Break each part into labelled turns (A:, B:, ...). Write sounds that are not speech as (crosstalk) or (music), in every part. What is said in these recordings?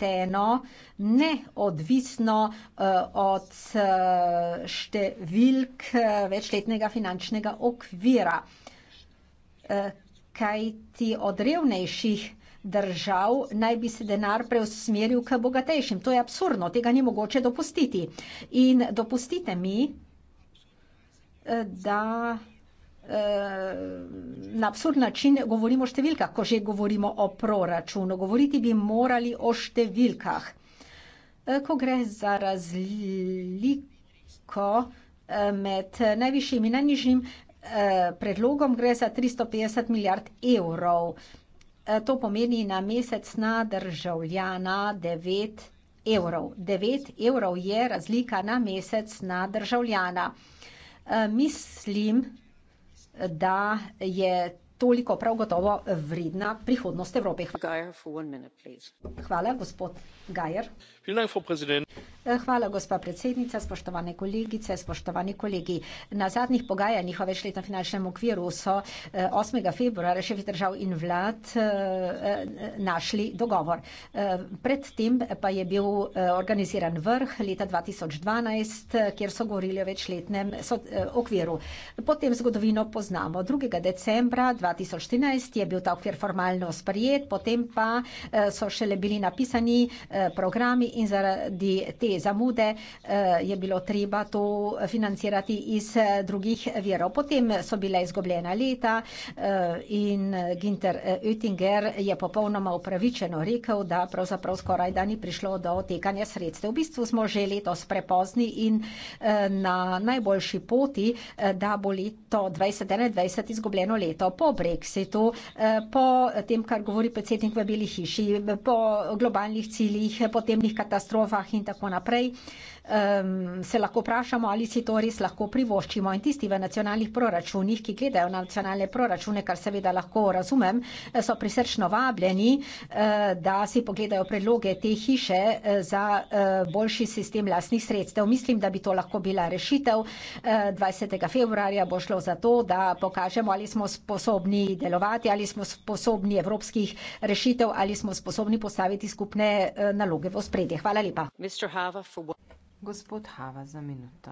A: pošteno, neodvisno, eh, od, eh, številk, eh, večletnega finančnega okvira. kajti od revnejših držav naj bi se denar preusmeril k bogatejšim. To je absurdno, tega ni mogoče dopustiti. In dopustite mi, da Eh, na absurd način govorimo o številkah, ko že govorimo o proračunu. Govoriti bi morali o številkah. Eh, ko gre za razliko eh, med najvišjim in najnižjim predlogom, gre za 350 milijard evrov. To pomeni na mesec na državljana 9 evrov. 9 evrov je razlika na mesec na državljana. Mislim, da je toliko prav gotovo vredna prihodnost Evrope. Hvala, gospod Gajer. Eh, hvala, gospa predsednica, spoštovane kolegice, spoštovani kolegi. Na zadnjih pogajanjih o večletnem finančnem okviru so 8. Eh, februarja šefi držav in vlad eh, našli dogovor. Predtem pa je bil organiziran vrh leta 2012, kjer so govorili o večletnem okviru. Potem zgodovino poznamo. 2. decembra 2013 je bil ta okvir formalno sprijet, potem pa so šele bili napisani programi in zaradi te zamude eh, je bilo treba to financirati iz eh, drugih virov. Potem so bile izgubljena leta eh, in Ginter Oettinger je popolnoma upravičeno rekel, da pravzaprav skoraj da ni prišlo do tekanja sredstev. V bistvu smo že letos prepozni in na najboljši poti, da bo leto 2021 izgubljeno leto po Brexitu, po tem, kar govori predsednik v Beli hiši, po globalnih ciljih, po temnih katastrofah in tako naprej, um, se lahko vprašamo, ali si to res lahko privoščimo. In tisti v nacionalnih proračunih, ki gledajo na nacionalne proračune, kar seveda lahko razumem, so prisrčno vabljeni, uh, da si pogledajo predloge te hiše eh, za uh, boljši sistem lasnih sredstev. Mislim, da bi to lahko bila rešitev. Uh, 20. februarja bo šlo za to, da pokažemo, ali smo sposobni delovati, ali smo sposobni evropskih rešitev, ali smo sposobni postaviti skupne uh, naloge v spredje besede. Hvala
B: lepa. Gospod Hava za minuto.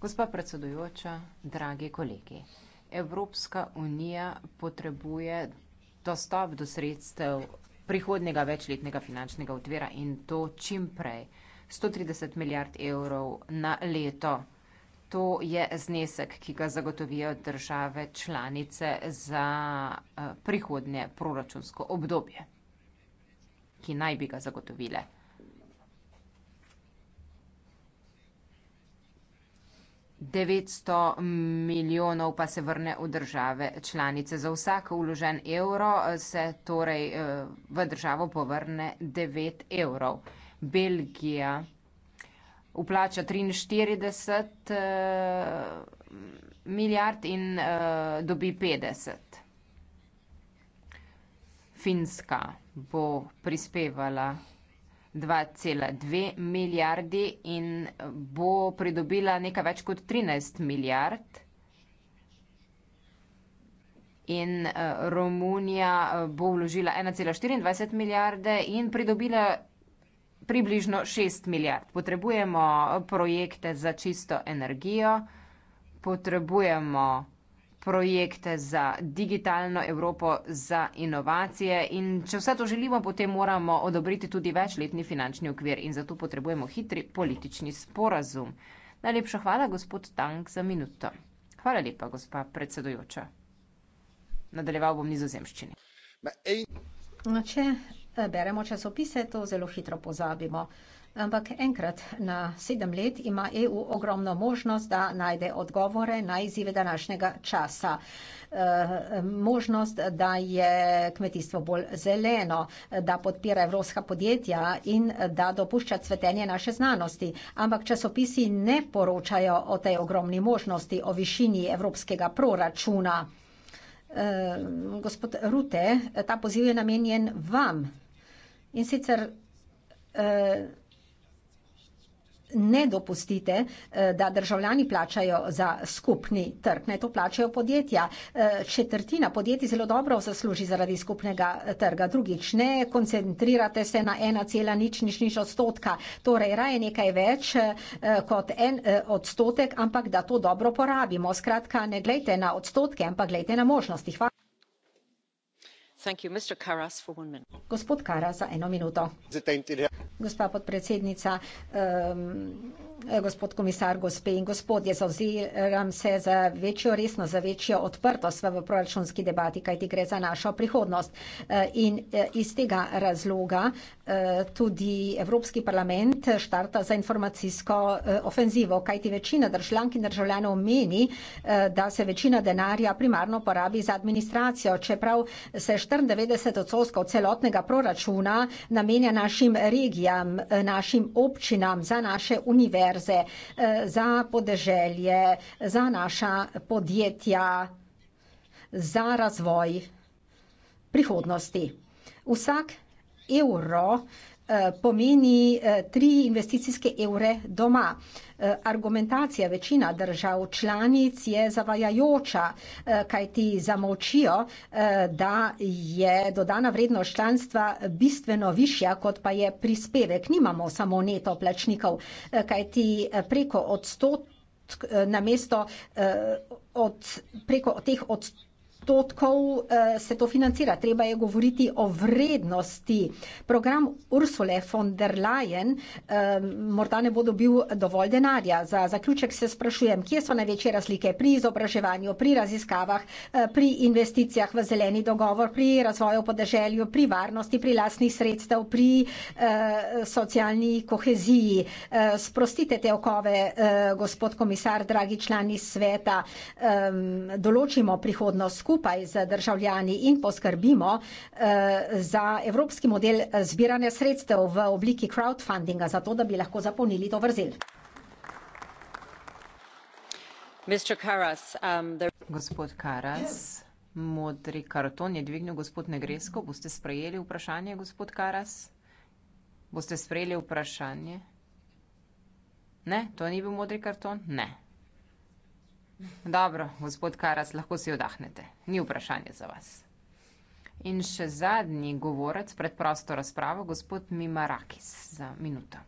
B: Gospa predsedujoča, dragi kolegi, Evropska unija potrebuje dostop do sredstev prihodnega večletnega finančnega utvira in to čim prej. 130 milijard evrov na leto to je znesek, ki ga zagotovijo države članice za eh, prihodnje proračunsko obdobje, ki naj bi ga zagotovile. devetsto milijonov pa se vrne v države članice. Za vsak uložen evro eh, se torej eh, v državo povrne devet evrov. Belgija vplača 43 uh, eh, milijard in uh, dobi 50. Finska bo prispevala 2,2 milijardi in bo pridobila nekaj več kot 13 milijard. In uh, Romunija bo vložila 1,24 milijarde in pridobila približno 6 milijard. Potrebujemo projekte za čisto energijo, potrebujemo projekte za digitalno Evropo, za inovacije in če vse to želimo, potem moramo odobriti tudi večletni finančni okvir in zato potrebujemo hitri politični sporazum. Najlepša hvala, gospod Tank, za minuto. Hvala lepa, gospa predsedujoča. Nadaljeval
A: bom nizozemščini. Ma, ej... no, če beremo časopise, to zelo hitro pozabimo. Ampak enkrat na sedem let ima EU ogromno možnost, da najde odgovore na izzive današnjega časa. Eh, možnost, da je kmetijstvo bolj zeleno, da podpira evropska podjetja in da dopušča cvetenje naše znanosti. Ampak časopisi ne poročajo o tej ogromni možnosti, o višini evropskega proračuna. Eh, gospod Rute, ta poziv je namenjen vam. In sicer eh, ne dopustite, eh, da državljani plačajo za skupni trg. Ne, to plačajo podjetja. Eh, četrtina podjetij zelo dobro zasluži zaradi skupnega trga. Drugič, ne koncentrirate se na ena cela nič, nič, nič odstotka. Torej, raje nekaj več kot en odstotek, ampak da to dobro porabimo. Skratka, ne gledajte na odstotke, ampak gledajte na možnosti. Hvala gospa podpredsednica spoštovani komisar rad bi vas vprašal kaj ste storili za to da bi se ta problem um, reševal. Eh, gospod komisar, gospe in gospodje, zauziram se za večjo resnost, za večjo odprtost v proračunski debati, kajti gre za našo prihodnost. Eh, in eh, iz tega razloga tudi Evropski parlament štarta za informacijsko ofenzivo, kajti večina državljank in državljanov meni, da se večina denarja primarno porabi za administracijo, čeprav se 94 odsotkov celotnega proračuna namenja našim regijam, našim občinam, za naše univerze univerze, eh, za podeželje, za naša podjetja, za razvoj prihodnosti. Vsak evro, Eh, pomeni eh, tri investicijske evre doma. Eh, argumentacija večina držav članic je zavajajoča, kaj ti zamolčijo, da je dodana vrednost članstva bistveno višja, kot pa je prispevek. Nimamo samo neto plačnikov, kaj ti preko odstot, namesto od, preko teh odstot, odstotkov eh, se to financira. Treba je govoriti o vrednosti. Program Ursule von der Leyen eh, morda ne bo dobil dovolj denarja. Za zaključek se sprašujem, kje so največje razlike pri izobraževanju, pri raziskavah, eh, pri investicijah v zeleni dogovor, pri razvoju podeželju, pri varnosti, pri lasnih sredstev, pri socialni koheziji. Sprostite te okove, gospod komisar, dragi člani sveta, določimo prihodnost skupaj skupaj z državljani in poskrbimo eh, za evropski model eh, zbiranja sredstev v obliki crowdfundinga, zato da bi lahko zapolnili to vrzel.
B: Um, gospod Karas, modri karton je dvignil gospod Negresko. Boste sprejeli vprašanje, gospod Karas? Boste sprejeli vprašanje? Ne, to ni bil modri karton? Ne. Dobro, gospod Karas, lahko si odahnete. Ni vprašanje za vas. In še zadnji govorec pred prosto razpravo, gospod Mimarakis, za minuto.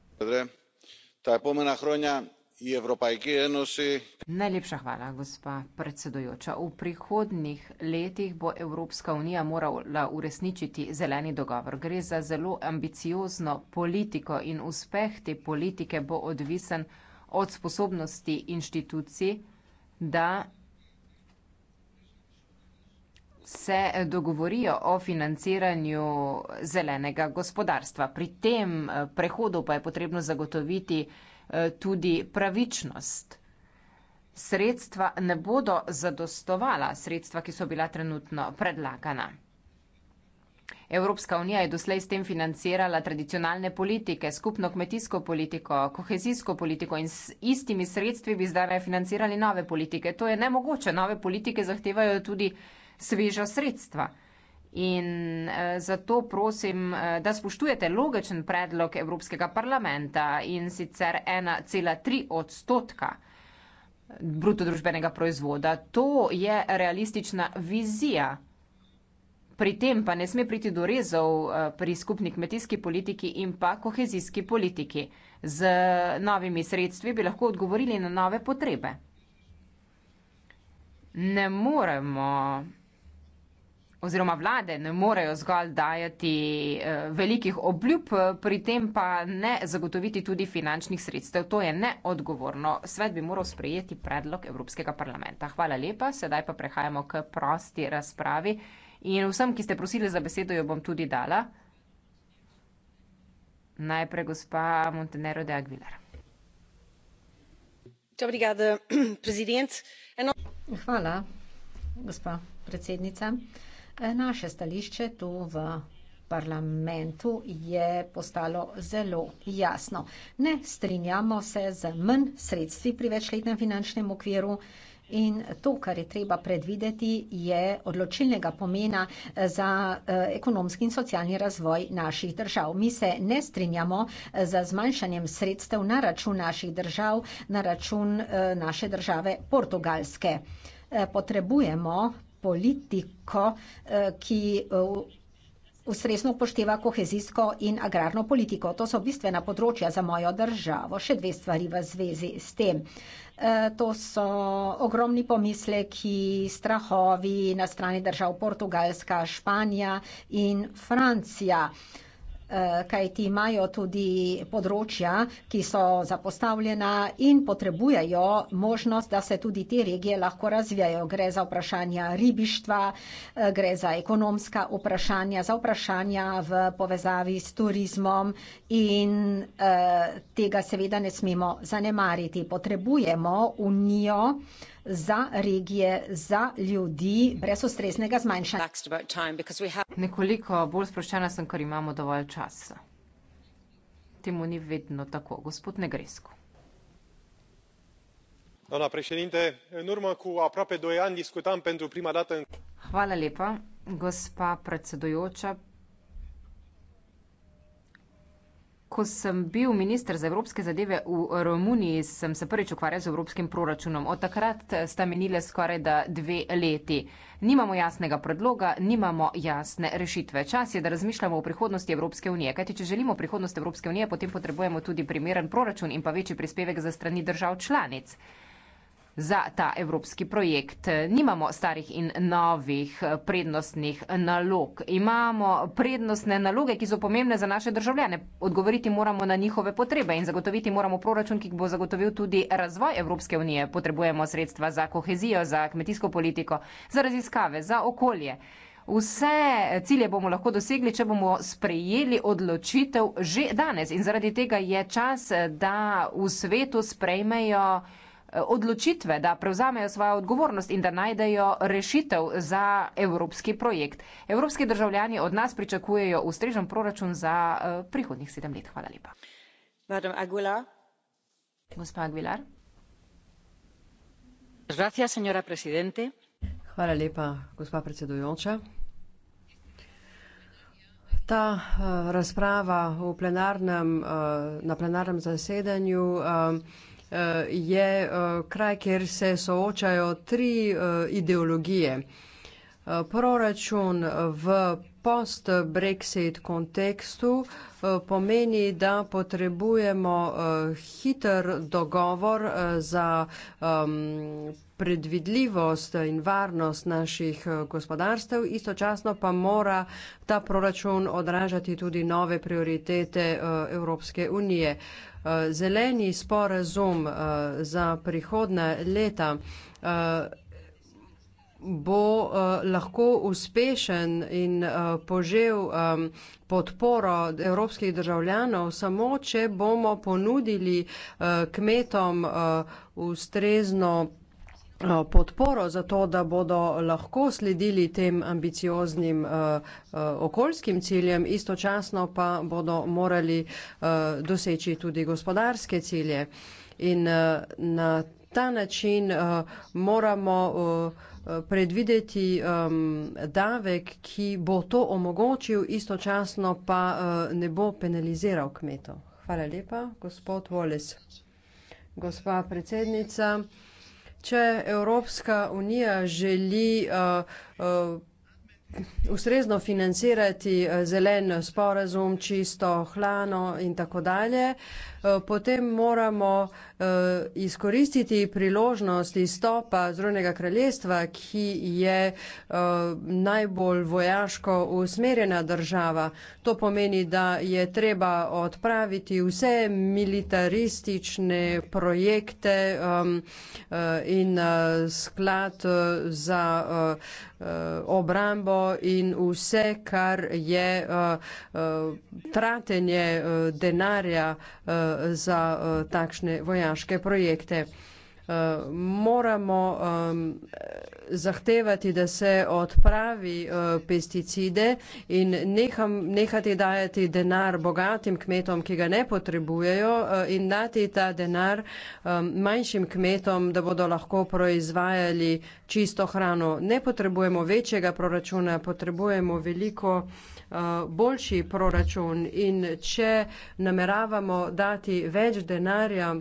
C: Ta pomena hronja je evropajki enosi.
B: Najlepša hvala, gospa predsedujoča. V prihodnih letih bo Evropska unija morala uresničiti zeleni dogovor. Gre za zelo ambiciozno politiko in uspeh te politike bo odvisen od sposobnosti inštitucij da se dogovorijo o financiranju zelenega gospodarstva. Pri tem eh, prehodu pa je potrebno zagotoviti eh, tudi pravičnost. Sredstva ne bodo zadostovala, sredstva, ki so bila trenutno predlagana. Evropska unija je doslej s tem financirala tradicionalne politike, skupno kmetijsko politiko, kohezijsko politiko in s istimi sredstvi bi zdaj financirali nove politike. To je nemogoče. Nove politike zahtevajo tudi sveža sredstva. In eh, zato prosim, eh, da spoštujete logičen predlog Evropskega parlamenta in sicer 1,3 odstotka brutodružbenega proizvoda. To je realistična vizija Pri tem pa ne sme priti do rezov eh, pri skupni kmetijski politiki in pa kohezijski politiki. Z novimi sredstvi bi lahko odgovorili na nove potrebe. Ne moremo, oziroma vlade ne morejo zgolj dajati eh, velikih obljub, pri tem pa ne zagotoviti tudi finančnih sredstev. To je neodgovorno. Svet bi moral sprejeti predlog Evropskega parlamenta. Hvala lepa, sedaj pa prehajamo k prosti razpravi. In vsem, ki ste prosili za besedo, jo bom tudi dala. Najprej gospa Montenero de Aguilar.
A: (clears throat) Hvala, gospa predsednica. Eh, naše stališče tu v parlamentu je postalo zelo jasno. Ne strinjamo se z manj sredstvi pri večletnem finančnem okviru, In to, kar je treba predvideti, je odločilnega pomena eh, za eh, ekonomski in socialni razvoj naših držav. Mi se ne strinjamo eh, z zmanjšanjem sredstev na račun naših držav, na račun naše države Portugalske. Potrebujemo politiko, ki ustresno upošteva kohezijsko in agrarno politiko. To so bistvena področja za mojo državo. Še dve stvari v zvezi s tem. Eh, to so ogromni pomisleki, strahovi na strani držav Portugalska, Španija in Francija. Eh, kajti imajo tudi področja, ki so zapostavljena in potrebujejo možnost, da se tudi te regije lahko razvijajo. Gre za vprašanja ribištva, eh, gre za ekonomska vprašanja, za vprašanja v povezavi s turizmom in eh, tega seveda ne smemo zanemariti. Potrebujemo unijo, za regije, za ljudi brez ustreznega zmanjšanja.
B: Nekoliko bolj sproščena sem, ker imamo dovolj časa. Temu ni vedno tako, gospod Negresko. Hvala lepa, gospa predsedujoča. ko sem bil minister za evropske zadeve v Romuniji, sem se prvič ukvarjal z evropskim proračunom. Od takrat sta menile skoraj da dve leti. Nimamo jasnega predloga, nimamo jasne rešitve. Čas je, da razmišljamo o prihodnosti Evropske unije. Kajti, če želimo prihodnost Evropske unije, potem potrebujemo tudi primeren proračun in pa večji prispevek za strani držav članic za ta evropski projekt. Nimamo starih in novih eh, prednostnih nalog. Imamo prednostne naloge, ki so pomembne za naše državljane. Odgovoriti moramo na njihove potrebe in zagotoviti moramo proračun, ki bo zagotovil tudi razvoj Evropske unije. Potrebujemo sredstva za kohezijo, za kmetijsko politiko, za raziskave, za okolje. Vse cilje bomo lahko dosegli, če bomo sprejeli odločitev že danes. In zaradi tega je čas, da v svetu sprejmejo odločitve, da prevzamejo svojo odgovornost in da najdejo rešitev za evropski projekt. Evropski državljani od nas pričakujejo ustrežen proračun za eh, prihodnih sedem let. Hvala lepa. Gospa Aguilar.
D: Hvala lepa, gospa predsedujoča. Ta eh, razprava v plenarnem, eh, na plenarnem zasedanju, Eh, je eh, kraj, kjer se soočajo tri eh, ideologije. Proračun v post-Brexit kontekstu pomeni, da potrebujemo hiter dogovor za predvidljivost in varnost naših gospodarstev, istočasno pa mora ta proračun odražati tudi nove prioritete Evropske unije zeleni sporazum eh, za prihodne leta eh, bo eh, lahko uspešen in požel podporo evropskih državljanov samo, če bomo ponudili kmetom ustrezno Eh, podporo za to, da bodo lahko sledili tem ambicioznim eh, eh, okoljskim ciljem, istočasno pa bodo morali doseči tudi gospodarske cilje. In na ta način moramo predvideti um, davek, ki bo to omogočil, istočasno pa uh, ne bo penaliziral kmetov. Hvala lepa, gospod Voles. Gospa predsednica če Evropska unija želi uh, uh, ustrezno financirati uh, zelen sporazum, čisto hlano in tako dalje, potem moramo Eh, izkoristiti priložnost izstopa Združenega kraljestva, ki je eh, najbolj vojaško usmerjena država. To pomeni, da je treba odpraviti vse militaristične projekte um, eh, in sklad za obrambo in vse, kar je tratenje denarja za takšne vojaške strokovnjaške projekte. Eh, moramo ehm, zahtevati, da se odpravi eh, pesticide in neham, nehati dajati denar bogatim kmetom, ki ga ne potrebujejo, eh, in dati ta denar ehm, manjšim kmetom, da bodo lahko proizvajali čisto hrano. Ne potrebujemo večjega proračuna, potrebujemo veliko boljši proračun in če nameravamo dati več denarja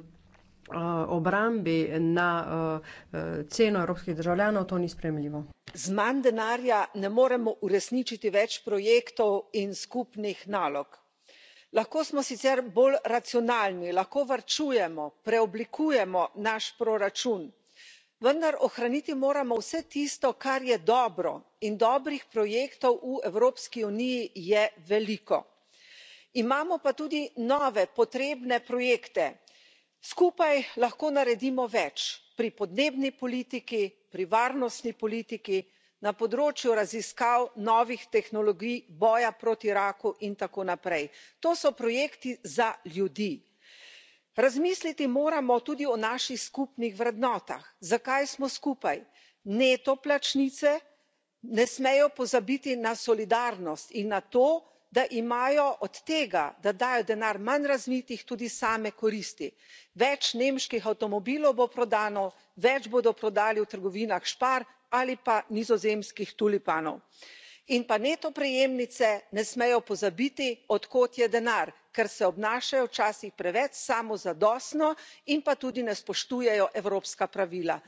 D: Eh, obrambi na eh, eh, ceno evropskih državljanov to ni sprejemljivo. z manj denarja
E: ne moremo uresničiti več projektov in skupnih nalog. lahko smo sicer bolj racionalni lahko varčujemo preoblikujemo naš proračun vendar ohraniti moramo vse tisto kar je dobro in dobrih projektov v evropski uniji je veliko. imamo pa tudi nove potrebne projekte skupaj lahko naredimo več pri podnebni politiki pri varnostni politiki na področju raziskav novih tehnologij boja proti raku in tako naprej. to so projekti za ljudi. razmisliti moramo tudi o naših skupnih vrednotah zakaj smo skupaj. neto plačnice ne smejo pozabiti na solidarnost in na to da imajo od tega da dajo denar manj razvitim tudi same koristi več nemških avtomobilov bo prodano več bodo prodali v trgovinah spar ali pa nizozemskih tulipanov. in pa neto prejemnice ne smejo pozabiti od kod je denar ker se obnašajo včasih preveč samozadostno in pa tudi ne spoštujejo evropska pravila.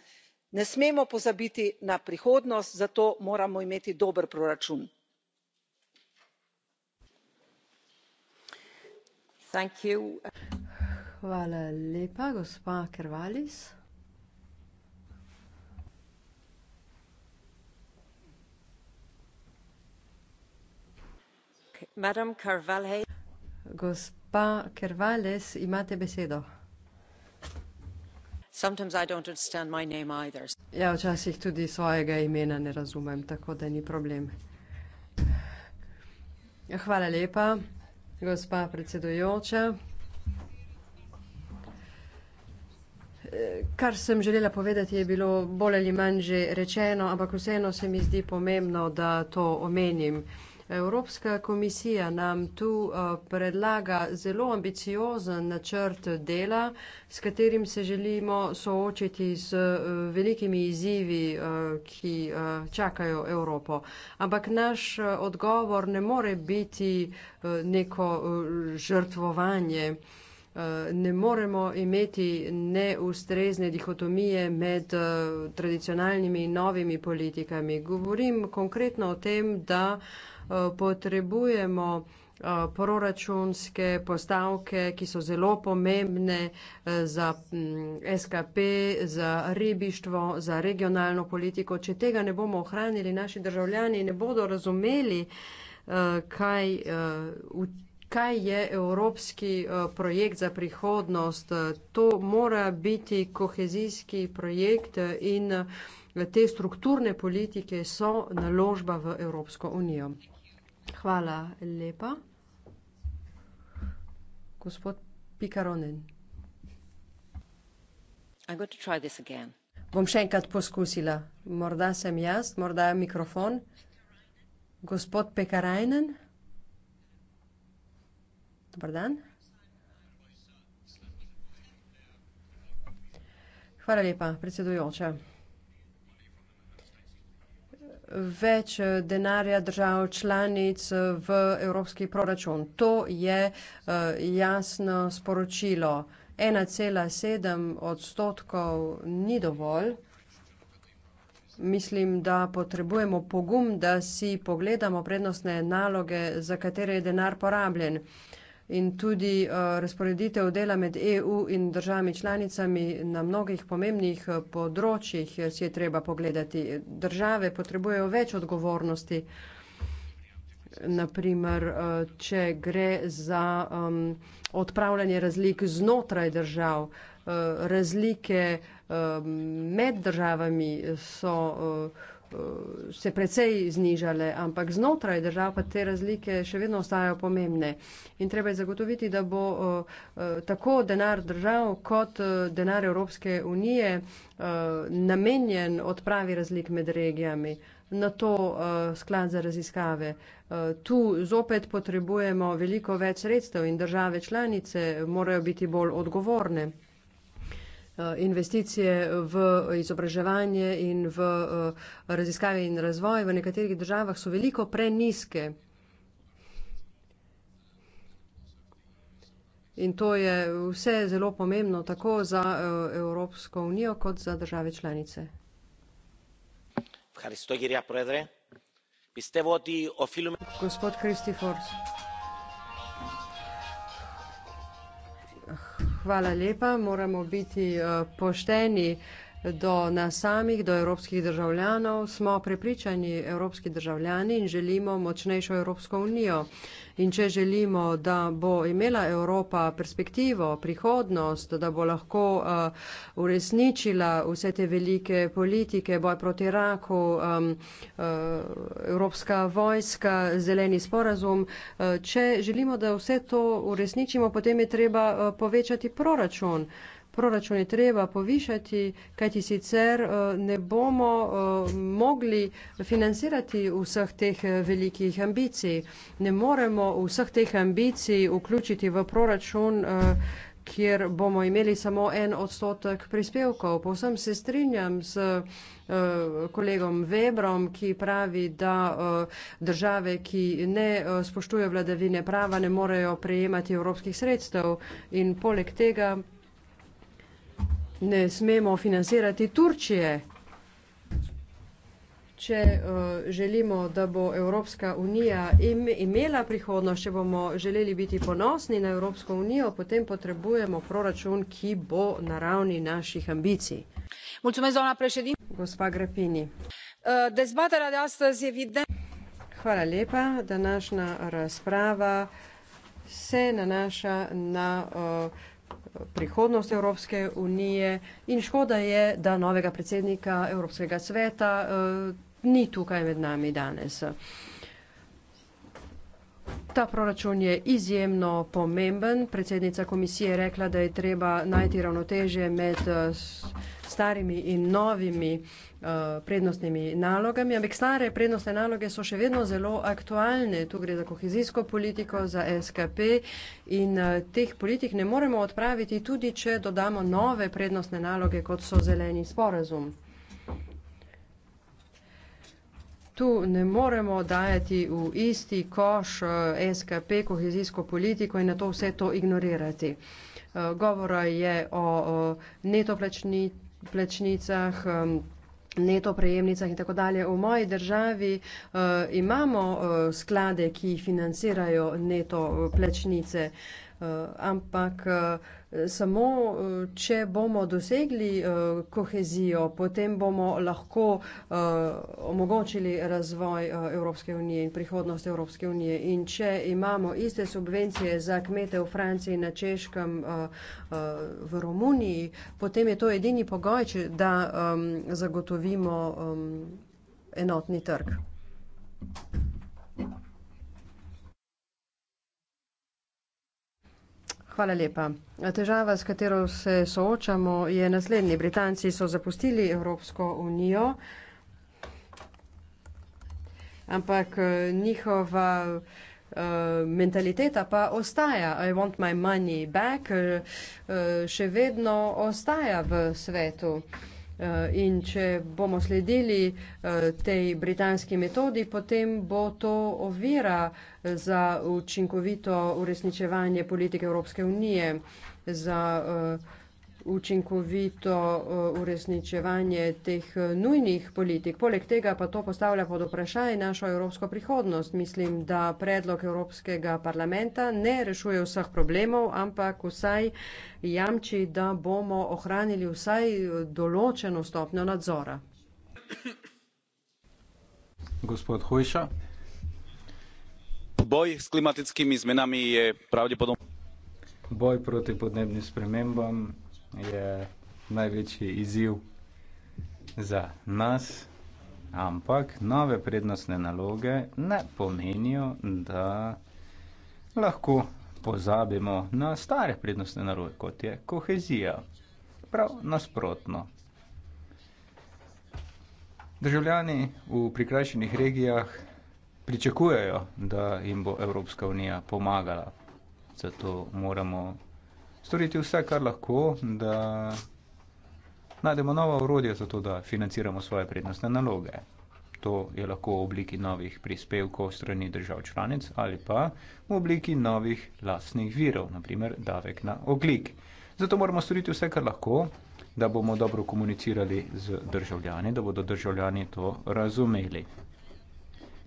E: ne smemo pozabiti na prihodnost zato moramo imeti dober proračun.
D: Hvala lepa. Gospa Kervalis. Gospa Kervales, imate besedo. Ja, včasih tudi svojega imena ne razumem, tako da ni problem. Hvala lepa. Gospa predsedujoča, kar sem želela povedati, je bilo bolj ali manj že rečeno, ampak vseeno se mi zdi pomembno, da to omenim. Evropska komisija nam tu eh, predlaga zelo ambiciozen načrt dela, s katerim se želimo soočiti z eh, velikimi izzivi, eh, ki čakajo Evropo. Ampak naš odgovor ne more biti neko žrtvovanje. Ne moremo imeti neustrezne dihotomije med tradicionalnimi in novimi politikami. Govorim konkretno o tem, da potrebujemo eh, proračunske postavke, ki so zelo pomembne eh, za mm, SKP, za ribištvo, za regionalno politiko. Če tega ne bomo ohranili, naši državljani ne bodo razumeli, eh, kaj, kaj je evropski projekt za prihodnost. To mora biti kohezijski projekt in te strukturne politike so naložba v Evropsko unijo. Hvala lepa. Gospod Pikaronen. Bom še enkrat poskusila. Morda sem jaz, morda je mikrofon. Gospod Pekarajnen. Dober dan. Hvala lepa, predsedujoča več denarja držav članic v evropski proračun. To je eh, jasno sporočilo. 1,7 odstotkov ni dovolj. Mislim, da potrebujemo pogum, da si pogledamo prednostne naloge, za katere je denar porabljen. Uh, in tudi uh, razporeditev dela med EU in državami članicami na mnogih pomembnih eh, področjih eh, si je treba pogledati. Države potrebujejo več odgovornosti, naprimer, uh, če gre za um, odpravljanje razlik znotraj držav. Uh, razlike uh, med državami so. Uh, Eh, se precej znižale, ampak znotraj držav pa te razlike še vedno ostajajo pomembne. In treba je zagotoviti, da bo eh, eh, tako denar držav kot denar Evropske unije namenjen odpravi razlik med regijami. Na to uh, sklad za raziskave. Uh, tu zopet potrebujemo veliko več sredstev in države članice morajo biti bolj odgovorne. Eh, investicije v izobraževanje in v eh, raziskave in razvoj v nekaterih državah so veliko preniske. In to je vse zelo pomembno tako za eh, Evropsko unijo kot za države članice. Gospod Christofors. Hvala lepa. Moramo biti eh, pošteni do nas samih, do evropskih državljanov. Smo prepričani evropski državljani in želimo močnejšo Evropsko unijo. In če želimo, da bo imela Evropa perspektivo, prihodnost, da bo lahko uh, uresničila vse te velike politike, boj proti raku, um, uh, Evropska vojska, zeleni sporazum, uh, če želimo, da vse to uresničimo, potem je treba uh, povečati proračun proračun je treba povišati, kajti sicer eh, ne bomo eh, mogli financirati vseh teh eh, velikih ambicij. Ne moremo vseh teh ambicij vključiti v proračun kjer bomo imeli samo en odstotek prispevkov. Povsem se strinjam s uh, kolegom Webrom, ki pravi, da uh, države, ki ne uh, spoštujejo vladavine prava, ne morejo prejemati evropskih sredstev. In poleg tega ne smemo financirati Turčije, če uh, želimo, da bo Evropska unija im, imela prihodnost, če bomo želeli biti ponosni na Evropsko unijo, potem potrebujemo proračun, ki bo na ravni naših ambicij. Mulțumesc, doamna președinte. Gospa Grapini. Eh, dezbaterea de astăzi evident. Hvala lepa. Današnja razprava se nanaša na uh, prihodnost Evropske unije in škoda je, da novega predsednika Evropskega sveta uh, ni tukaj med nami danes. Ta proračun je izjemno pomemben. Predsednica komisije je rekla, da je treba najti ravnotežje med eh, starimi in novimi uh, Eh, prednostnimi nalogami, ampak stare prednostne naloge so še vedno zelo aktualne. Tu gre za kohezijsko politiko, za SKP in eh, teh politik ne moremo odpraviti, tudi če dodamo nove prednostne naloge, kot so zeleni sporazum. Tu ne moremo dajati v isti koš eh, SKP kohezijsko politiko in na to vse to ignorirati. Govora je o neto plačni, plačnicah, neto prejemnicah in tako dalje. V moji državi uh, imamo uh, sklade, ki financirajo neto eh, plačnice. Uh, Eh, ampak eh, samo, eh, če bomo dosegli kohezijo, potem bomo lahko omogočili razvoj Evropske unije in prihodnost Evropske unije. In če imamo iste subvencije za kmete v Franciji, na Češkem, v Romuniji, potem je to edini pogoj, da zagotovimo enotni trg. Thank you. Hvala lepa. Težava, s katero se soočamo, je naslednji. Britanci so zapustili Evropsko unijo, ampak njihova eh, mentaliteta pa ostaja. I want my money back eh, eh, še vedno ostaja v svetu. Eh, in če bomo sledili eh, tej britanski metodi, potem bo to ovira eh, za učinkovito uresničevanje politike Evropske unije, za učinkovito učinkovito eh, uresničevanje teh eh, nujnih politik. Poleg tega pa to postavlja pod vprašanje našo evropsko prihodnost. Mislim, da predlog Evropskega parlamenta ne rešuje vseh problemov, ampak vsaj jamči, da bomo ohranili vsaj eh, določeno stopnjo nadzora.
C: Gospod Hojša. Boj s klimatskimi spremembami je pravdepodobno. Boj proti podnebnim spremembam je največji izziv za nas, ampak nove prednostne naloge ne pomenijo, da lahko pozabimo na stare prednostne naloge, kot je kohezija. Prav nasprotno. Državljani v prikrajšenih regijah pričakujejo, da jim bo Evropska unija pomagala. Zato moramo storiti vse, kar lahko, da najdemo nova urodja za to, da financiramo svoje prednostne naloge. To je lahko v obliki novih prispevkov strani držav članic ali pa v obliki novih lasnih virov, naprimer davek na oglik. Zato moramo storiti vse, kar lahko, da bomo dobro komunicirali z državljani, da bodo državljani to razumeli.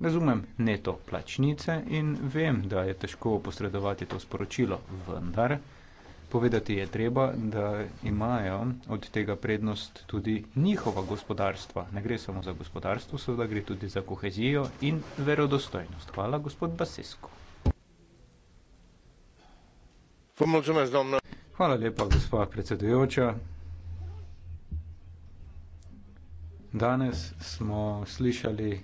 C: Razumem neto plačnice in vem, da je težko posredovati to sporočilo, vendar. Povedati je treba, da imajo od tega prednost tudi njihova gospodarstva. Ne gre samo za gospodarstvo, seveda gre tudi za kohezijo in verodostojnost. Hvala, gospod Basesko. Hvala lepa, gospa predsedujoča. Danes smo slišali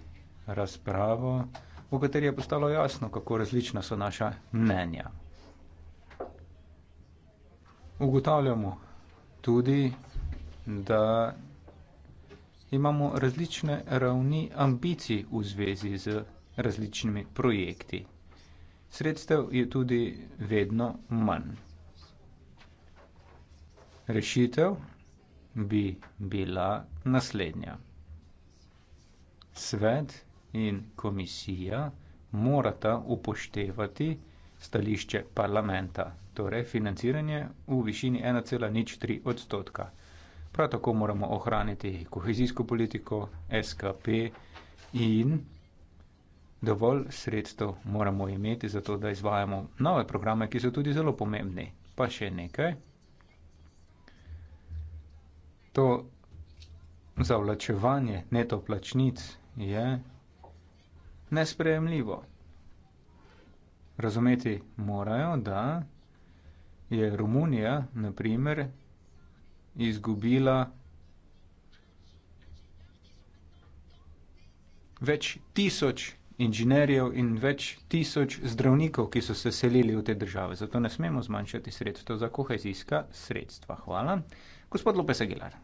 C: razpravo, v kateri je postalo jasno, kako različna so naša mnenja ugotavljamo tudi, da imamo različne ravni ambicij v zvezi z različnimi projekti. Sredstev je tudi vedno manj. Rešitev bi bila naslednja. Svet in komisija morata upoštevati stališče parlamenta torej financiranje v višini 1,03 odstotka. Prav tako moramo ohraniti kohezijsko politiko, SKP in dovolj sredstev moramo imeti za to, da izvajamo nove programe, ki so tudi zelo pomembni. Pa še nekaj. To zavlačevanje neto plačnic je nesprejemljivo. Razumeti morajo, da je Romunija, na primer, izgubila več tisoč inženirjev in več tisoč zdravnikov, ki so se selili v te države. Zato ne smemo zmanjšati sredstva za kohezijska sredstva. Hvala. Gospod Lopes Aguilar.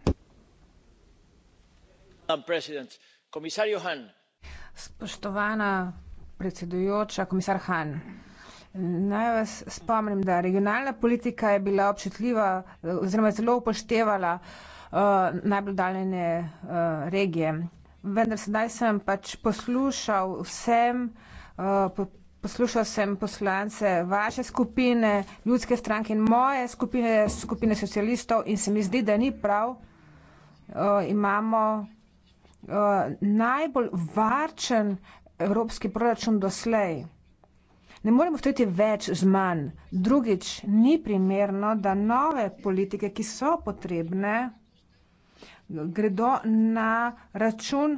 F: Spoštovana predsedujoča, komisar Hahn. Naj vas spomnim, da regionalna politika je bila občutljiva oziroma zelo upoštevala uh, najbolj daljene uh, regije. Vendar sedaj sem pač poslušal vsem, uh, poslušal sem poslance vaše skupine, ljudske stranke in moje skupine, skupine socialistov in se mi zdi, da ni prav, uh, imamo uh, najbolj varčen evropski proračun doslej ne moremo hteti več z manj. Drugič, ni primerno, da nove politike, ki so potrebne, gredo na račun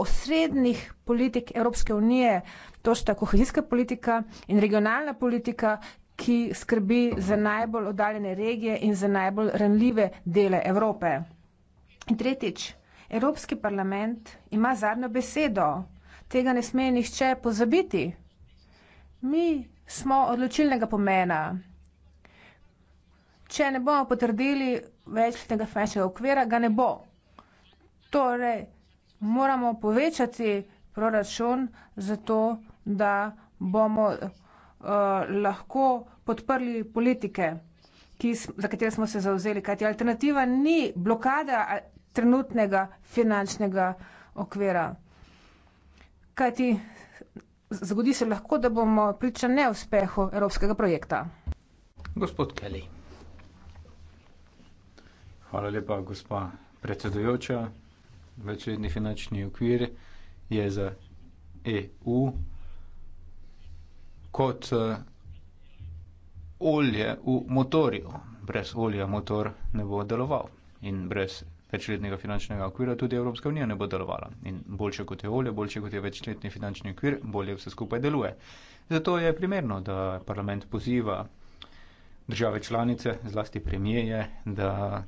F: osrednjih politik Evropske unije, to sta kohezijska politika in regionalna politika, ki skrbi za najbolj oddaljene regije in za najbolj ranljive dele Evrope. In tretjič, Evropski parlament ima zadnjo besedo. Tega ne sme nihče pozabiti. Mi smo odločilnega pomena. Če ne bomo potrdili večletnega finančnega okvira, ga ne bo. Torej, moramo povečati proračun zato, da bomo uh, lahko podprli politike, ki, za katere smo se zauzeli. Kajti alternativa ni blokada trenutnega finančnega okvira. Kajti Zgodi se lahko, da bomo priča neuspehu evropskega projekta.
C: Gospod Kelly. Hvala lepa, gospa predsedujoča. Večletni finančni okvir je za EU kot eh, olje v motorju. Brez olja motor ne bo deloval in brez večletnega finančnega okvira tudi Evropska unija ne bo delovala. In boljše kot je olje, boljše kot je večletni finančni okvir, bolje vse skupaj deluje. Zato je primerno, da parlament poziva države članice, zlasti premijeje, da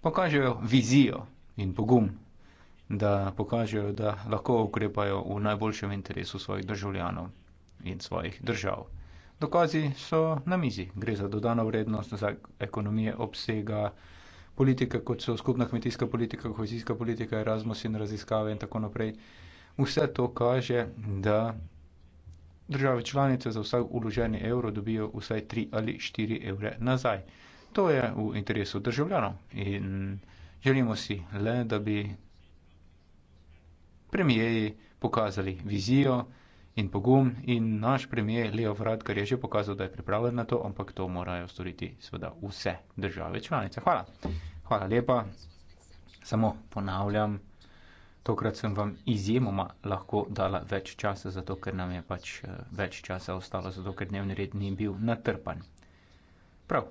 C: pokažejo vizijo in pogum, da pokažejo, da lahko ukrepajo v najboljšem interesu svojih državljanov in svojih držav. Dokazi so na mizi. Gre za dodano vrednost za ekonomije obsega politike, kot so skupna kmetijska politika, kohezijska politika, Erasmus in raziskave in tako naprej. Vse to kaže, da države članice za vsak uloženi evro dobijo vsaj 3 ali 4 evre nazaj. To je v interesu državljanov in želimo si le, da bi premijeji pokazali vizijo, in pogum in naš premijer Leo Vrat, kar je že pokazal, da je pripravljen na to, ampak to morajo storiti seveda vse države članice. Hvala. Hvala lepa. Samo ponavljam, tokrat sem vam izjemoma lahko dala več časa, zato ker nam je pač eh, več časa ostalo, zato ker dnevni red ni bil natrpan. Prav.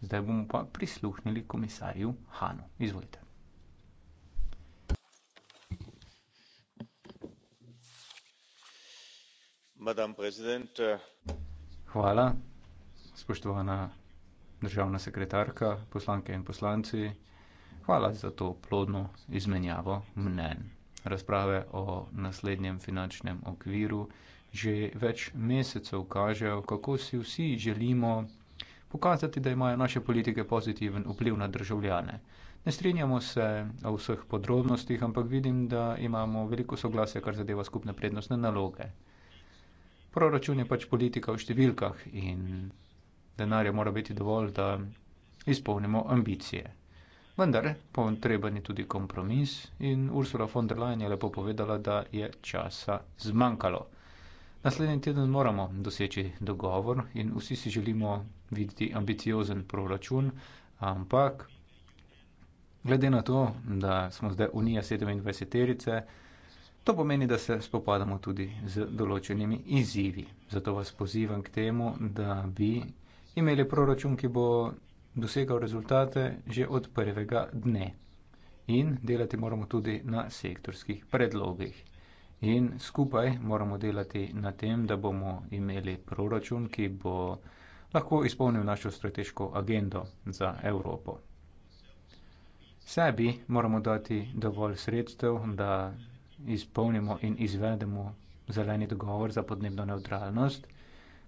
C: Zdaj bomo pa prisluhnili komisarju Hanu. Izvolite. Uh, hvala. Spoštovana državna sekretarka, poslanke in poslanci, hvala za to plodno izmenjavo mnen. Razprave o naslednjem finančnem okviru že več mesecev kažejo, kako si vsi želimo pokazati, da imajo naše politike pozitiven vpliv na državljane. Ne strinjamo se o vseh podrobnostih, ampak vidim, da imamo veliko soglasja, kar zadeva skupne prednostne naloge proračun je pač politika v številkah in denarja mora biti dovolj, da izpolnimo ambicije. Vendar potreben je tudi kompromis in Ursula von der Leyen je lepo povedala, da je časa zmanjkalo. Naslednji teden moramo doseči dogovor in vsi si želimo videti ambiciozen proračun, ampak glede na to, da smo zdaj Unija 27. terice, To pomeni, da se spopadamo tudi z določenimi izzivi. Zato vas pozivam k temu, da bi imeli proračun, ki bo dosegal rezultate že od prvega dne. In delati moramo tudi na sektorskih predlogih. In skupaj moramo delati na tem, da bomo imeli proračun, ki bo lahko izpolnil našo strateško agendo za Evropo. Sebi moramo dati dovolj sredstev, da izpolnimo in izvedemo zeleni dogovor za podnebno neutralnost.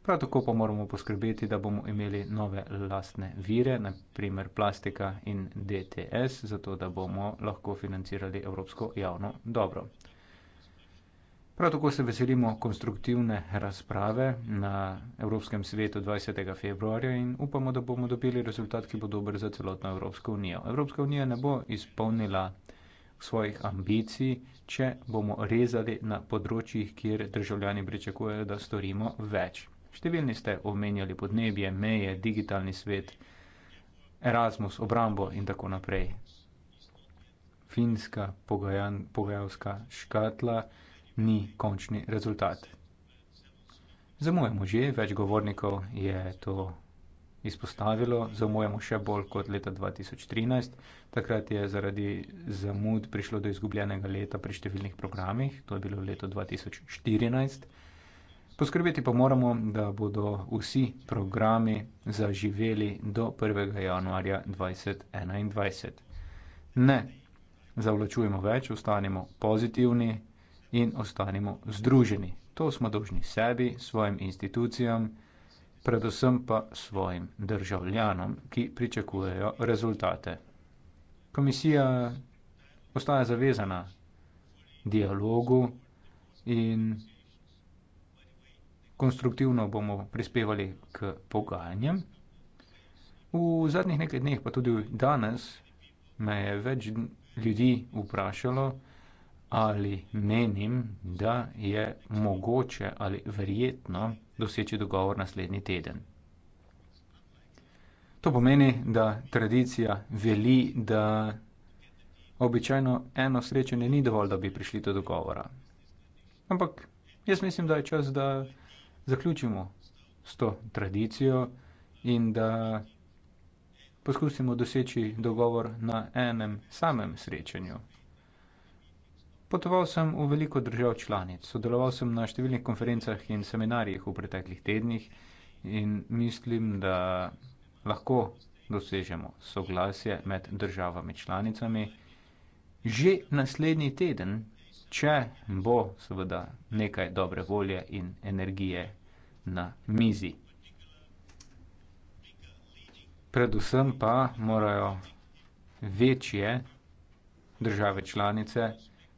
C: Prav tako pa moramo poskrbeti, da bomo imeli nove lastne vire, naprimer plastika in DTS, zato da bomo lahko financirali evropsko javno dobro. Prav tako se veselimo konstruktivne razprave na Evropskem svetu 20. februarja in upamo, da bomo dobili rezultat, ki bo dober za celotno Evropsko unijo. Evropska unija ne bo izpolnila svojih ambicij, če bomo rezali na področjih, kjer državljani pričakujejo, da storimo več. Številni ste omenjali podnebje, meje, digitalni svet, Erasmus, obrambo in tako naprej. Finska pogajalska škatla ni končni rezultat. Zamujamo že, več govornikov je to izpostavilo, zamujamo še bolj kot leta 2013. Takrat je zaradi zamud prišlo do izgubljenega leta pri številnih programih, to je bilo leto 2014. Poskrbeti pa moramo, da bodo vsi programi zaživeli do 1. januarja 2021. Ne, zavlačujemo več, ostanemo pozitivni in ostanemo združeni. To smo dolžni sebi, svojim institucijam predvsem pa svojim državljanom, ki pričakujejo rezultate. Komisija ostaja zavezana dialogu in konstruktivno bomo prispevali k pogajanjem. V zadnjih nekaj dneh, pa tudi danes, me je več ljudi vprašalo, ali menim, da je mogoče ali verjetno doseči dogovor naslednji teden. To pomeni, da tradicija veli, da običajno eno srečanje ni dovolj, da bi prišli do dogovora. Ampak jaz mislim, da je čas, da zaključimo s to tradicijo in da poskusimo doseči dogovor na enem samem srečanju. Potoval sem v veliko držav članic, sodeloval sem na številnih konferencah in seminarjih v preteklih tednih in mislim, da lahko dosežemo soglasje med državami članicami že naslednji teden, če bo seveda nekaj dobre volje in energije na mizi. Predvsem pa morajo večje države članice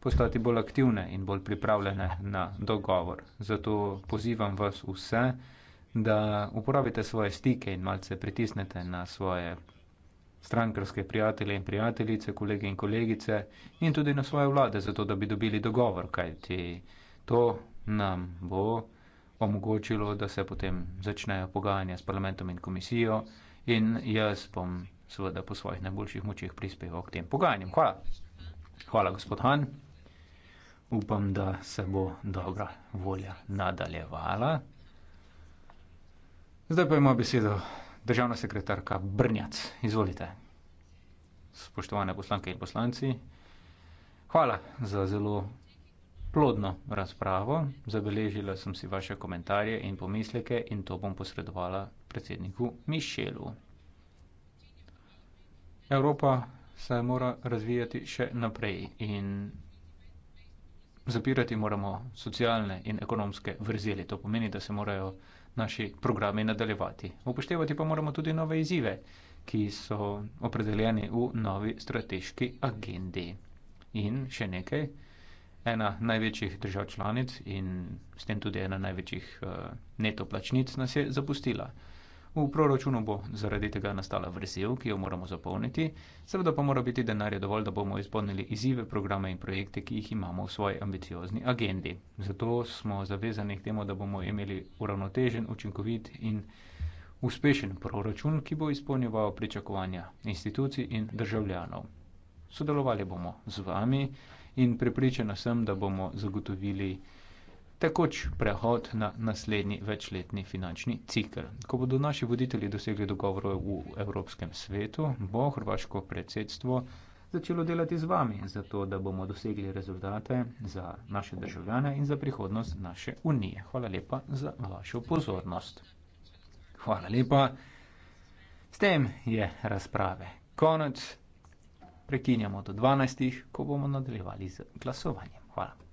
C: postati bolj aktivne in bolj pripravljene na dogovor. Zato pozivam vas vse, da uporabite svoje stike in malce pritisnete na svoje strankarske prijatelje in prijateljice, kolege in kolegice in tudi na svoje vlade, zato da bi dobili dogovor, kajti to nam bo omogočilo, da se potem začnejo pogajanja s parlamentom in komisijo in jaz bom seveda po svojih najboljših močih prispeval k tem pogajanjem. Hvala. Hvala, gospod Han upam, da se bo dobra volja nadaljevala. Zdaj pa ima besedo državna sekretarka Brnjac. Izvolite. Spoštovane poslanke in poslanci, hvala za zelo plodno razpravo. Zabeležila sem si vaše komentarje in pomisleke in to bom posredovala predsedniku Mišelu. Evropa se mora razvijati še naprej in zapirati moramo socialne in ekonomske vrzeli. To pomeni, da se morajo naši programi nadaljevati. Upoštevati pa moramo tudi nove izzive, ki so opredeljeni v novi strateški agendi. In še nekaj, ena največjih držav članic in s tem tudi ena največjih uh, eh, netoplačnic nas je zapustila. V proračunu bo zaradi tega nastala vrzel, ki jo moramo zapolniti, seveda pa mora biti denarja dovolj, da bomo izpolnili izzive, programe in projekte, ki jih imamo v svoji ambiciozni agendi. Zato smo zavezani k temu, da bomo imeli uravnotežen, učinkovit in uspešen proračun, ki bo izpolnjeval pričakovanja institucij in državljanov. Sodelovali bomo z vami in prepričana sem, da bomo zagotovili tekoč prehod na naslednji večletni finančni cikl. Ko bodo naši voditelji dosegli dogovor v Evropskem svetu, bo hrvaško predsedstvo začelo delati z vami, zato da bomo dosegli rezultate za naše državljane in za prihodnost naše unije. Hvala lepa za vašo pozornost. Hvala lepa. S tem je razprave konec. Prekinjamo do 12, ko bomo nadaljevali z glasovanjem. Hvala.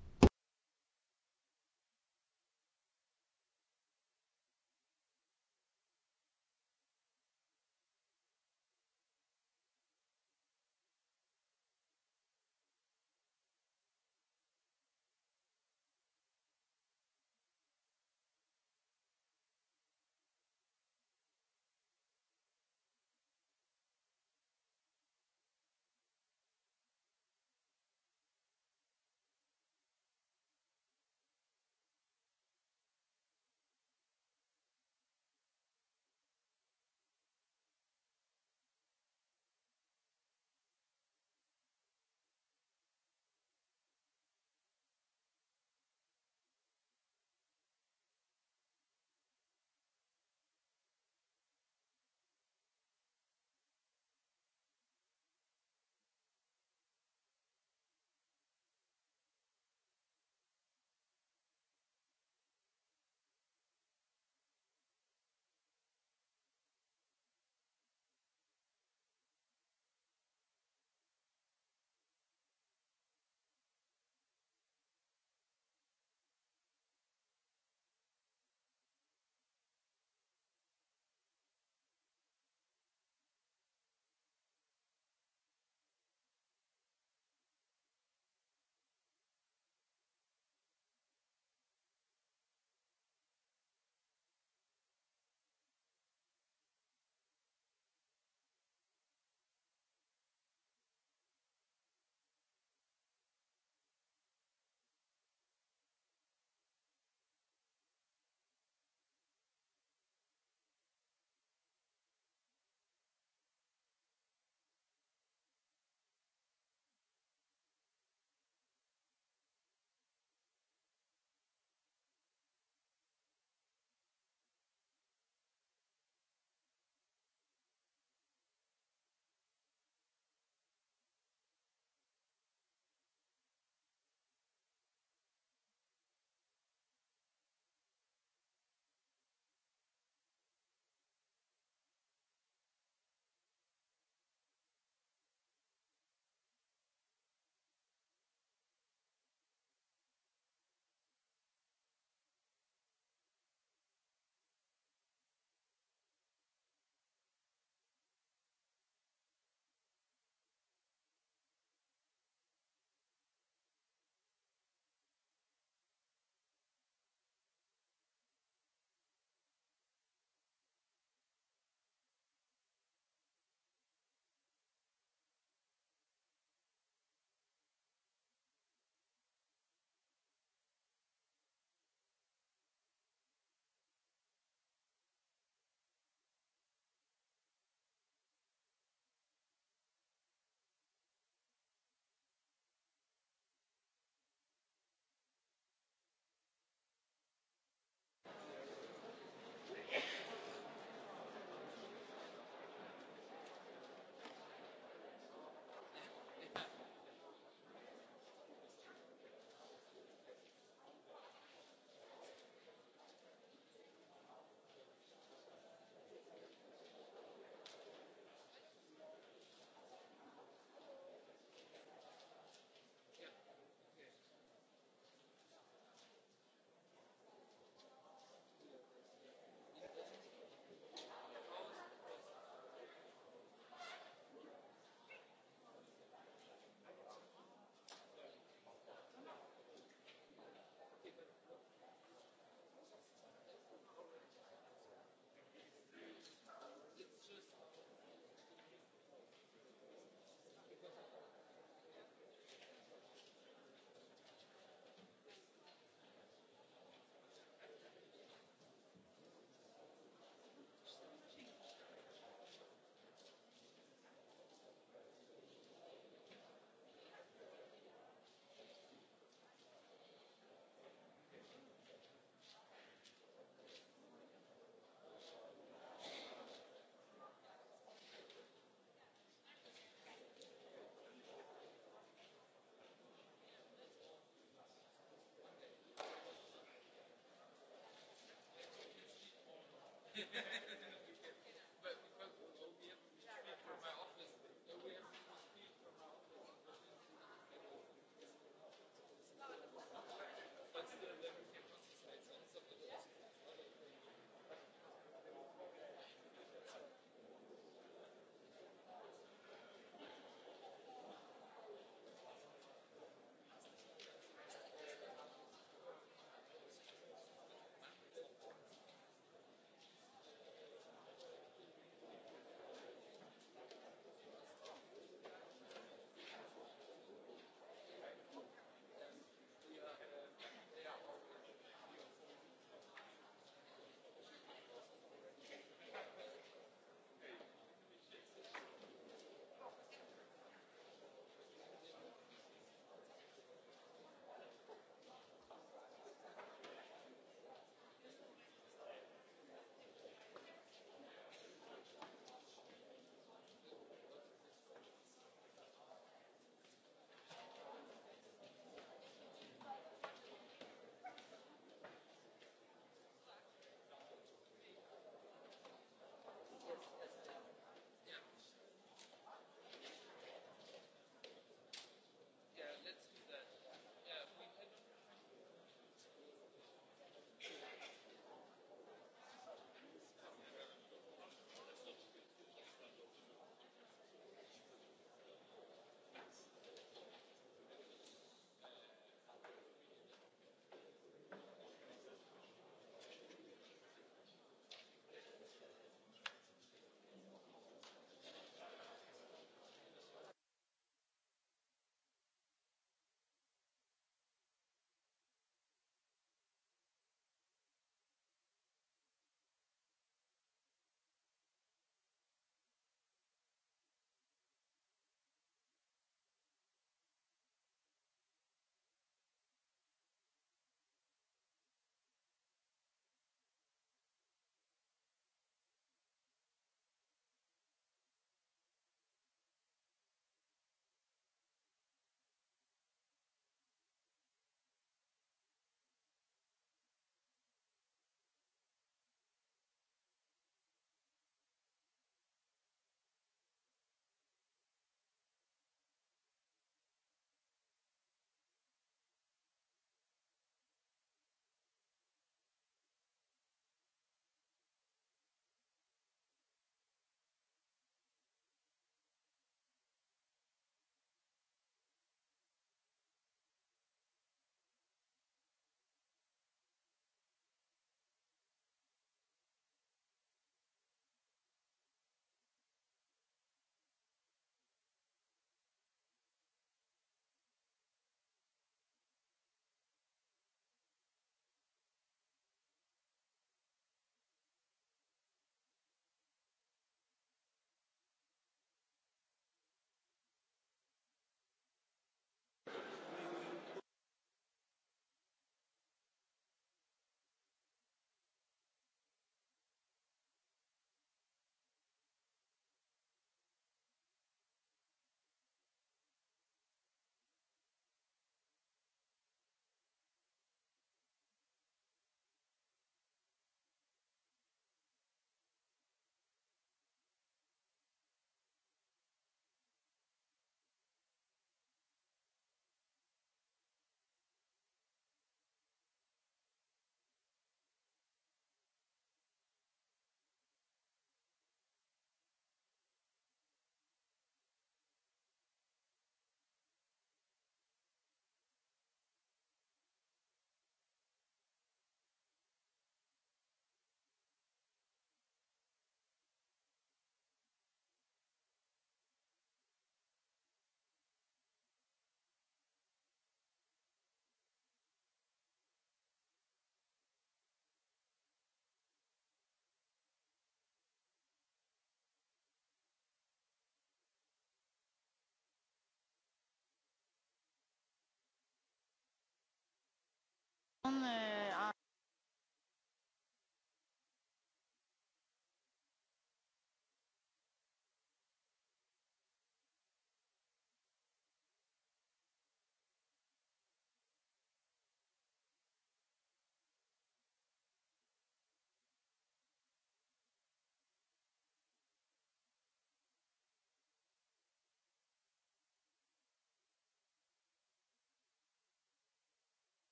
C: sådan øh eh,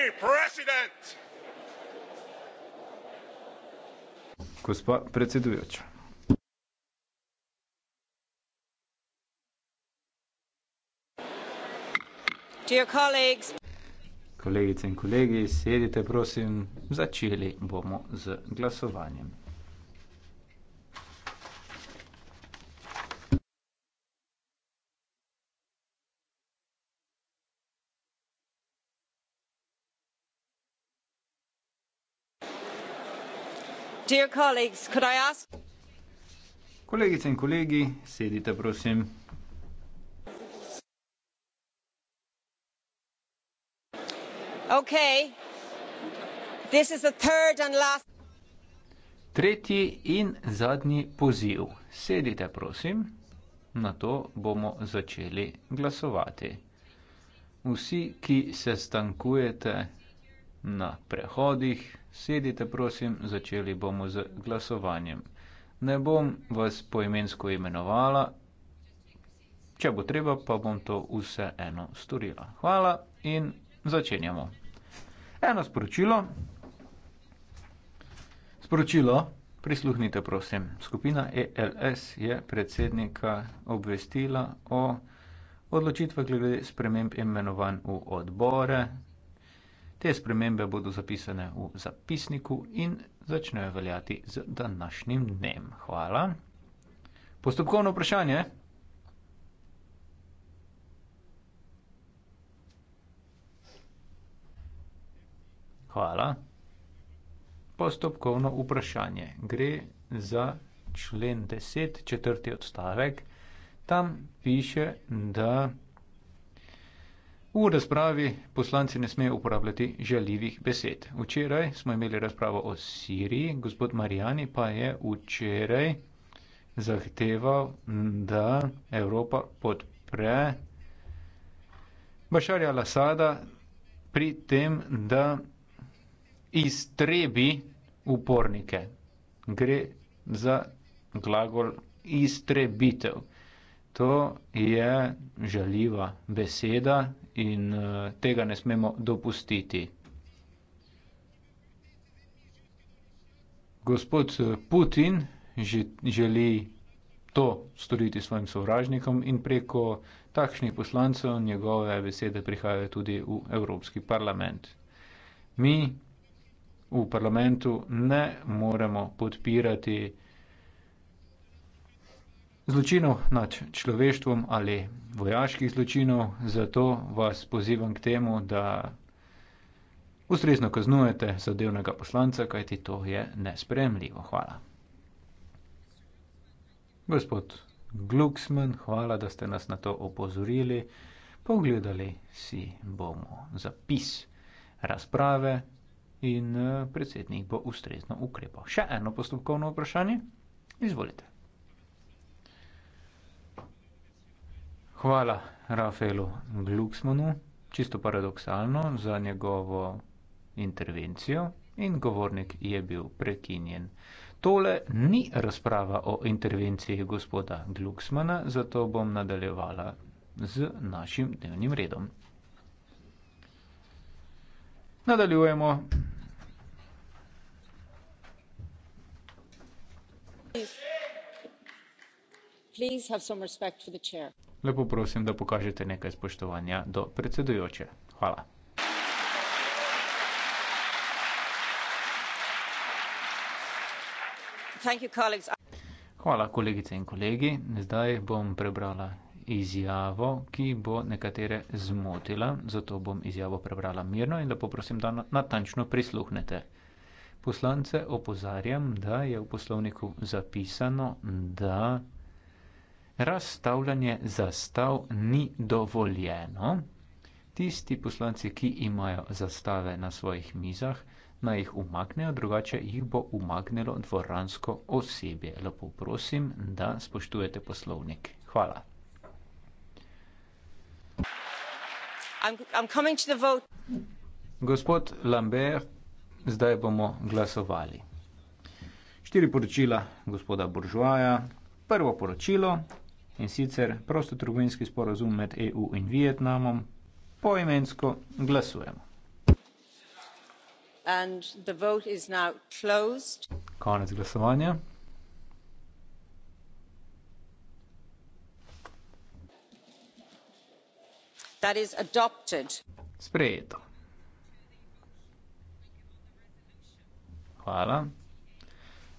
E: president.
C: Gospa predsedujoča. Kolegice in kolegi, sedite prosim, začeli bomo z glasovanjem. Kolegice in kolegi, sedite prosim. Okay.
B: This is the third and last...
C: Tretji in zadnji poziv. Sedite prosim, na to bomo začeli glasovati. Vsi, ki se stankujete na prehodih, Sedite, prosim, začeli bomo z glasovanjem. Ne bom vas poimensko imenovala, če bo treba, pa bom to vse eno storila. Hvala in začenjamo. Eno sporočilo. Sporočilo, prisluhnite, prosim. Skupina ELS je predsednika obvestila o odločitvah glede sprememb imenovanj v odbore Te spremembe bodo zapisane v zapisniku in začnejo veljati z današnjim dnem. Hvala. Postopkovno vprašanje. Hvala. Postopkovno vprašanje. Gre za člen 10, četrti odstavek. Tam piše, da V razpravi poslanci ne smejo uporabljati žaljivih besed. Včeraj smo imeli razpravo o Siriji, gospod Marijani pa je včeraj zahteval, da Evropa podpre Bašarja Lasada pri tem, da iztrebi upornike. Gre za glagol iztrebitev. To je žaljiva beseda, in uh, tega ne smemo dopustiti. Gospod eh, Putin že, želi to storiti svojim sovražnikom in preko takšnih poslancev njegove besede prihajajo tudi v Evropski parlament. Mi v parlamentu ne moremo podpirati zločinov nad človeštvom ali vojaških zločinov, zato vas pozivam k temu, da ustrezno kaznujete zadevnega poslanca, kajti to je nespremljivo. Hvala. Gospod Glucksmann, hvala, da ste nas na to opozorili. Pogledali si bomo zapis razprave in eh, predsednik bo ustrezno ukrepal. Še eno postopkovno vprašanje? Izvolite. Hvala Rafaelu Glucksmanu, čisto paradoksalno, za njegovo intervencijo in govornik je bil prekinjen. Tole ni razprava o intervenciji gospoda Glucksmana, zato bom nadaljevala z našim dnevnim redom. Nadaljujemo.
A: Please have some respect for the chair
C: lepo prosim, da pokažete nekaj spoštovanja do predsedujoče. Hvala. Hvala, kolegice in kolegi. Zdaj bom prebrala izjavo, ki bo nekatere zmotila, zato bom izjavo prebrala mirno in lepo prosim, da natančno prisluhnete. Poslance opozarjam, da je v poslovniku zapisano, da Razstavljanje zastav ni dovoljeno. Tisti poslanci, ki imajo zastave na svojih mizah, naj jih umaknejo, drugače jih bo umaknilo dvoransko osebje. Lepo prosim, da spoštujete poslovnik. Hvala.
B: I'm, I'm
C: Gospod Lambert, zdaj bomo glasovali. Štiri poročila gospoda Buržoaja. Prvo poročilo, in sicer prostotrgovinski sporozum med EU in Vietnamom. Poimensko glasujemo.
D: And the vote is now closed.
C: Konec glasovanja.
A: That is adopted.
C: Sprejeto. Hvala.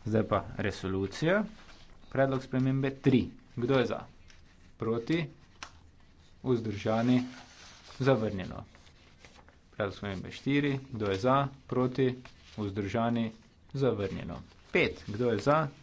C: Zdaj pa resolucija. Predlog spremembe 3. Kdo je za? Proti, vzdržani, zavrnjeno. Pravi smo imeli štiri. Kdo je za? Proti, vzdržani, zavrnjeno. Pet. Kdo je za?